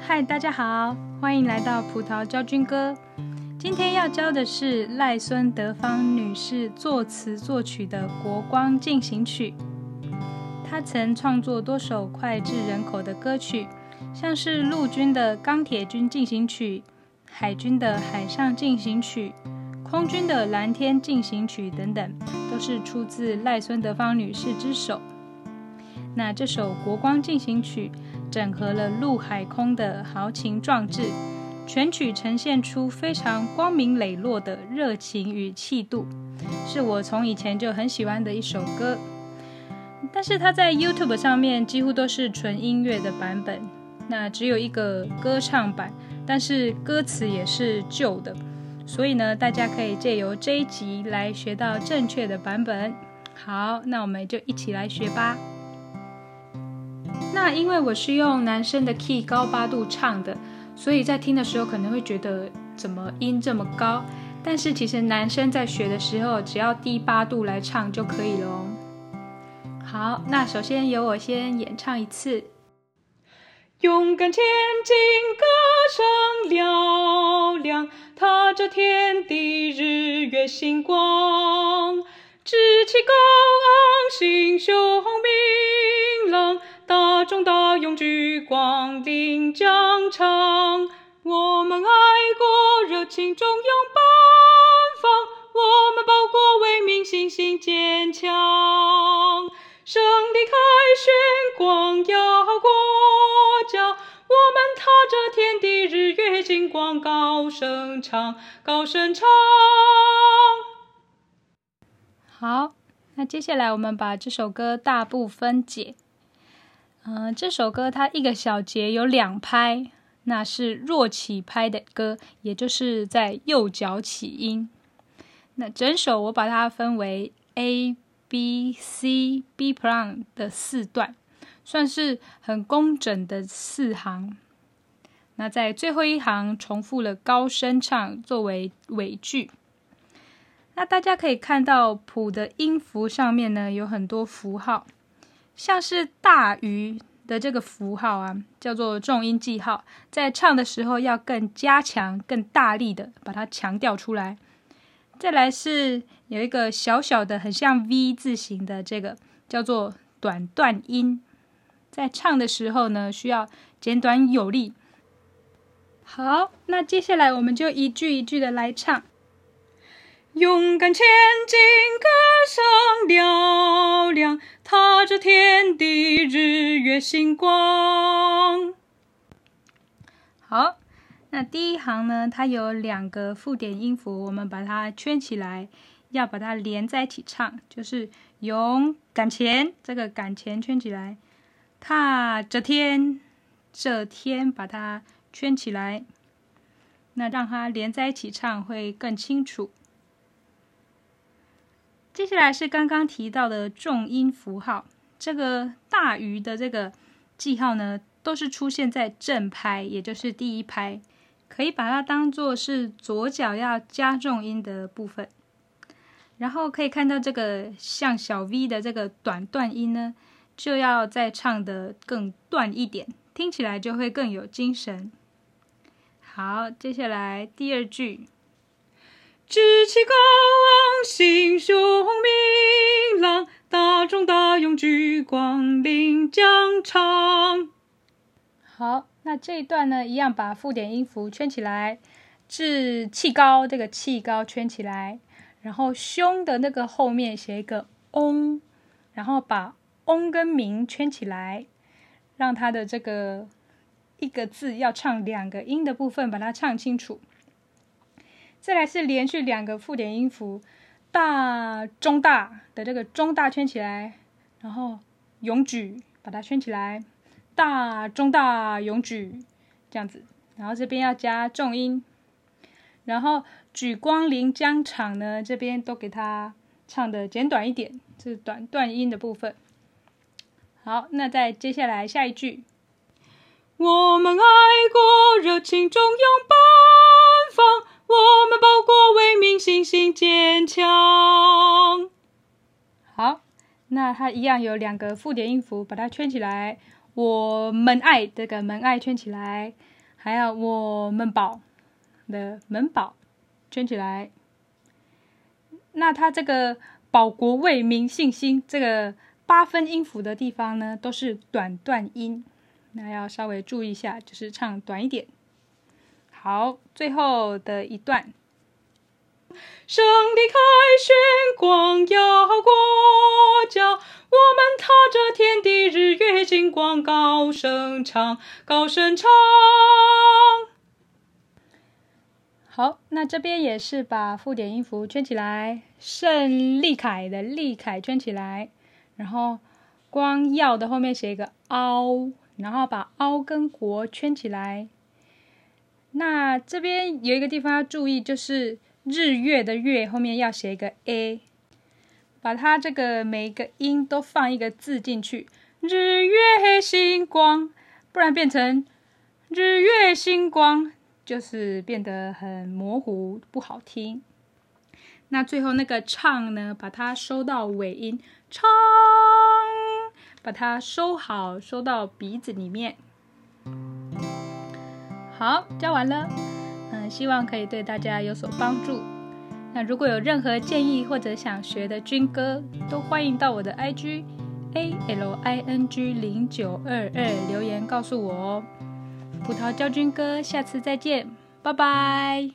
嗨，Hi, 大家好，歡迎來到葡萄教軍歌。今天要教的是賴孫德芳女士作詞作曲的《國光進行曲》。她曾創作多首膾炙人口的歌曲，像是陸軍的《鋼鐵軍進行曲》、海軍的《海上進行曲》。空軍的《藍天進行曲》等等，都是出自賴孫德芳女士之手。那這首《國光進行曲》整合了陸海空的豪情壯志，全曲呈現出非常光明磊落的熱情與氣度，是我從以前就很喜歡的一首歌。但是它在 YouTube 上面幾乎都是純音樂的版本，那只有一個歌唱版，但是歌詞也是舊的。所以呢，大家可以借由這一集來學到正確的版本。好，那我們就一起來學吧。那因為我是用男生的 key 高八度唱的，所以在聽的時候可能會覺得怎麼音這麼高？但是其實男生在學的時候，只要低八度來唱就可以了哦。好，那首先由我先演唱一次。勇敢前進，歌聲嘹亮，踏着天地日月星光，志氣高昂，心胸明朗，大忠大勇莒光臨疆場。我們愛國熱情忠勇奔放；我們報國衛民信心，心堅強。高聲唱，高聲唱。好，那接下來我們把這首歌大部分解。嗯、呃，這首歌它一個小節有兩拍，那是弱起拍的歌，也就是在右腳起音。那整首我把它分為 A、B、C、B' 的四段，算是很工整的四行。那在最後一行重複了高聲唱作為尾句。那大家可以看到譜的音符上面呢，有很多符號，像是大於的這個符號啊，叫做重音記號，在唱的時候要更加強、更大力的把它強調出來。再來是有一個小小的很像 V 字形的，這個叫做短斷音，在唱的時候呢，需要簡短有力。好，那接下來我們就一句一句的來唱。勇敢前進，歌聲嘹亮，踏着天地日月星光。好，那第一行呢，它有兩個附點音符，我們把它圈起來，要把它連在一起唱，就是勇敢前這個“敢前”圈起來，踏着天，這天把它。圈起來，那讓它連在一起唱會更清楚。接下來是剛剛提到的重音符號，這個大於的這個記號呢，都是出現在正拍，也就是第一拍，可以把它當做是左腳要加重音的部分。然後可以看到這個像小 v 的這個短斷音呢，就要再唱得更斷一點，聽起來就會更有精神。好，接下來第二句，志氣高昂，心胸明朗，大忠大勇，莒光臨疆場。好，那這一段呢，一樣把附點音符圈起來，志氣高這個氣高圈起來，然後胸的那個後面寫一個翁，然後把翁跟明圈起來，讓它的這個。一個字要唱兩個音的部分，把它唱清楚。再來是連續兩個附點音符，大忠大的這個忠大圈起來，然後勇莒把它圈起來，大忠大勇莒這樣子。然後這邊要加重音，然後莒光臨疆場呢，這邊都給它唱得簡短一點，這、就是短斷音的部分。好，那再接下來下一句。我們愛國，熱情忠勇奔放；我們報國，衛民信心，心堅強。好，那它一樣有兩個附點音符，把它圈起來。我們愛這個“門愛”這個、門愛圈起來，還有我們保的“門寶保”圈起來。那它這個“報國衛民信心”這個八分音符的地方呢，都是短斷音。那要稍微注意一下，就是唱短一點。好，最後的一段。勝利凱旋，光耀國家，我們踏着天地日月星光，高聲唱，高聲唱！好，那這邊也是把附點音符圈起來，勝利凱的“利凱”圈起來，然後“光耀”的後面寫一個“凹”。然後把“凹”跟“國”圈起來。那這邊有一個地方要注意，就是“日月”的“月”後面要寫一個 “a”，把它這個每一個音都放一個字進去，“日月黑星光”，不然變成“日月星光”，就是變得很模糊，不好聽。那最後那個“唱”呢，把它收到尾音“唱”。把它收好，收到鼻子裡面。好，教完了，嗯，希望可以對大家有所幫助。那如果有任何建議或者想學的軍歌，都歡迎到我的 IG A L I N G 零九二二留言告訴我哦。葡萄教軍歌，下次再見，拜拜。